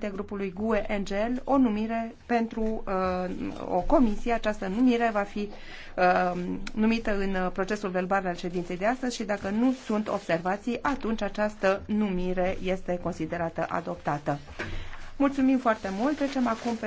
partea grupului GUE Angel o numire pentru uh, o comisie. Această numire va fi uh, numită în uh, procesul verbal al ședinței de astăzi și dacă nu sunt observații, atunci această numire este considerată adoptată. Mulțumim foarte mult. Trecem acum pe